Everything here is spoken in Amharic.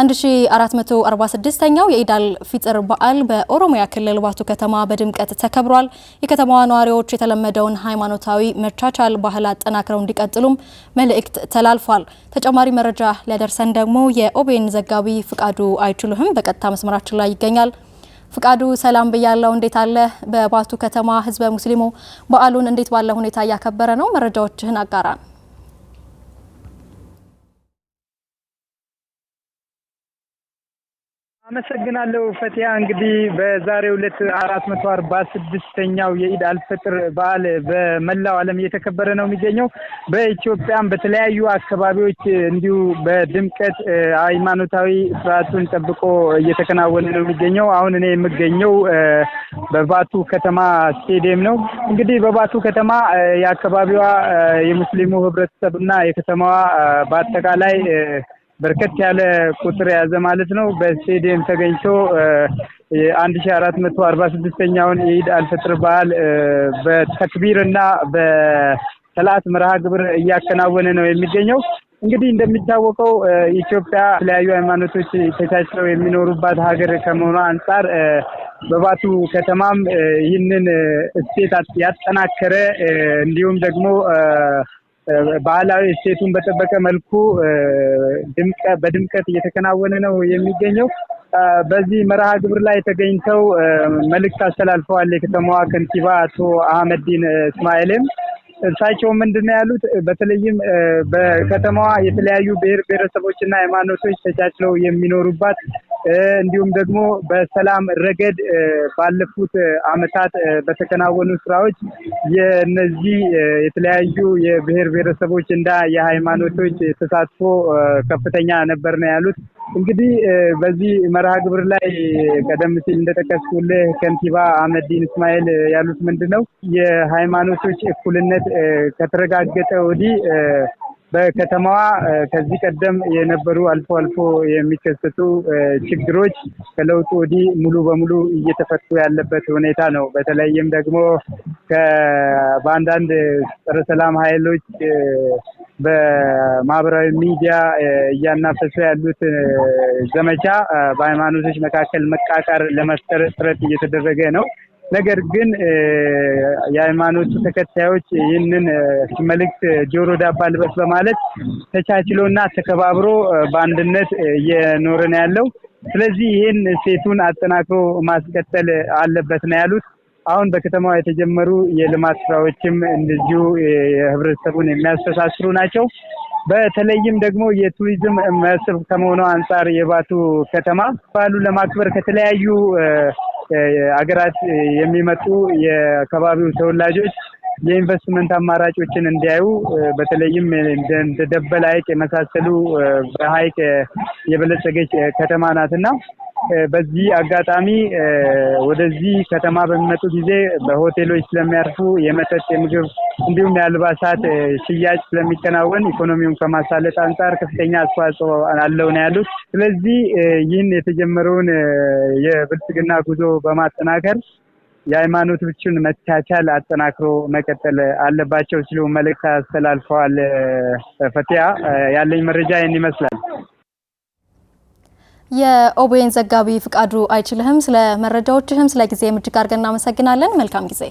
1446ኛው የኢዳል ፊጥር በዓል በኦሮሚያ ክልል ባቱ ከተማ በድምቀት ተከብሯል። የከተማዋ ነዋሪዎች የተለመደውን ሃይማኖታዊ መቻቻል ባህል አጠናክረው እንዲቀጥሉም መልእክት ተላልፏል። ተጨማሪ መረጃ ሊያደርሰን ደግሞ የኦቤን ዘጋቢ ፍቃዱ አይችሉህም በቀጥታ መስመራችን ላይ ይገኛል። ፍቃዱ ሰላም ብያለው፣ እንዴት አለ? በባቱ ከተማ ህዝበ ሙስሊሙ በዓሉን እንዴት ባለ ሁኔታ እያከበረ ነው? መረጃዎችህን አጋራን። አመሰግናለሁ ፈቲያ። እንግዲህ በዛሬው ዕለት አራት መቶ አርባ ስድስተኛው የኢድ አልፈጥር በዓል በመላው ዓለም እየተከበረ ነው የሚገኘው። በኢትዮጵያም በተለያዩ አካባቢዎች እንዲሁ በድምቀት ሃይማኖታዊ ስርዓቱን ጠብቆ እየተከናወነ ነው የሚገኘው። አሁን እኔ የምገኘው በባቱ ከተማ ስቴዲየም ነው። እንግዲህ በባቱ ከተማ የአካባቢዋ የሙስሊሙ ህብረተሰብና የከተማዋ በአጠቃላይ በርከት ያለ ቁጥር የያዘ ማለት ነው። በስቴዲየም ተገኝቶ የአንድ ሺ አራት መቶ አርባ ስድስተኛውን የኢድ አልፈጥር በዓል በተክቢር እና በሰላት መርሃ ግብር እያከናወነ ነው የሚገኘው። እንግዲህ እንደሚታወቀው ኢትዮጵያ የተለያዩ ሃይማኖቶች ተቻችለው የሚኖሩባት ሀገር ከመሆኑ አንጻር በባቱ ከተማም ይህንን እሴት ያጠናከረ እንዲሁም ደግሞ ባህላዊ እሴቱን በጠበቀ መልኩ በድምቀት እየተከናወነ ነው የሚገኘው። በዚህ መርሃ ግብር ላይ ተገኝተው መልእክት አስተላልፈዋል የከተማዋ ከንቲባ አቶ አህመዲን እስማኤልም እርሳቸው ምንድን ነው ያሉት? በተለይም በከተማዋ የተለያዩ ብሔር ብሔረሰቦችና ሃይማኖቶች ተቻችለው የሚኖሩባት እንዲሁም ደግሞ በሰላም ረገድ ባለፉት አመታት በተከናወኑ ስራዎች የነዚህ የተለያዩ የብሔር ብሔረሰቦች እና የሃይማኖቶች ተሳትፎ ከፍተኛ ነበር ነው ያሉት። እንግዲህ በዚህ መርሃ ግብር ላይ ቀደም ሲል እንደጠቀስኩልህ ከንቲባ አህመዲን እስማኤል ያሉት ምንድን ነው የሃይማኖቶች እኩልነት ከተረጋገጠ ወዲህ በከተማዋ ከዚህ ቀደም የነበሩ አልፎ አልፎ የሚከሰቱ ችግሮች ከለውጡ ወዲህ ሙሉ በሙሉ እየተፈቱ ያለበት ሁኔታ ነው። በተለይም ደግሞ በአንዳንድ ጸረ ሰላም ኃይሎች በማህበራዊ ሚዲያ እያናፈሱ ያሉት ዘመቻ በሃይማኖቶች መካከል መቃቀር ለመፍጠር ጥረት እየተደረገ ነው። ነገር ግን የሃይማኖቱ ተከታዮች ይህንን መልእክት ጆሮ ዳባ ልበስ በማለት ተቻችሎና ተከባብሮ በአንድነት እየኖረ ነው ያለው። ስለዚህ ይህን ሴቱን አጠናክሮ ማስቀጠል አለበት ነው ያሉት። አሁን በከተማዋ የተጀመሩ የልማት ስራዎችም እንደዚሁ የህብረተሰቡን የሚያስተሳስሩ ናቸው። በተለይም ደግሞ የቱሪዝም መስህብ ከመሆኗ አንጻር የባቱ ከተማ ባሉ ለማክበር ከተለያዩ አገራት የሚመጡ የከባቢው ተወላጆች የኢንቨስትመንት አማራጮችን እንዲያዩ በተለይም ደበል ሐይቅ የመሳሰሉ በሐይቅ የበለጸገች ከተማ ናትና በዚህ አጋጣሚ ወደዚህ ከተማ በሚመጡ ጊዜ በሆቴሎች ስለሚያርፉ የመጠጥ የምግብ እንዲሁም የአልባሳት ሽያጭ ስለሚከናወን ኢኮኖሚውን ከማሳለጥ አንጻር ከፍተኛ አስተዋጽኦ አለው ነው ያሉት። ስለዚህ ይህን የተጀመረውን የብልጽግና ጉዞ በማጠናከር የሃይማኖት ብችን መቻቻል አጠናክሮ መቀጠል አለባቸው ሲሉ መልእክት አስተላልፈዋል። ፈቲያ ያለኝ መረጃ ይህን ይመስላል። የኦቤን ዘጋቢ ፍቃዱ አይችልህም፣ ስለ መረጃዎችህም ስለ ጊዜም እጅግ አድርገን እናመሰግናለን። መልካም ጊዜ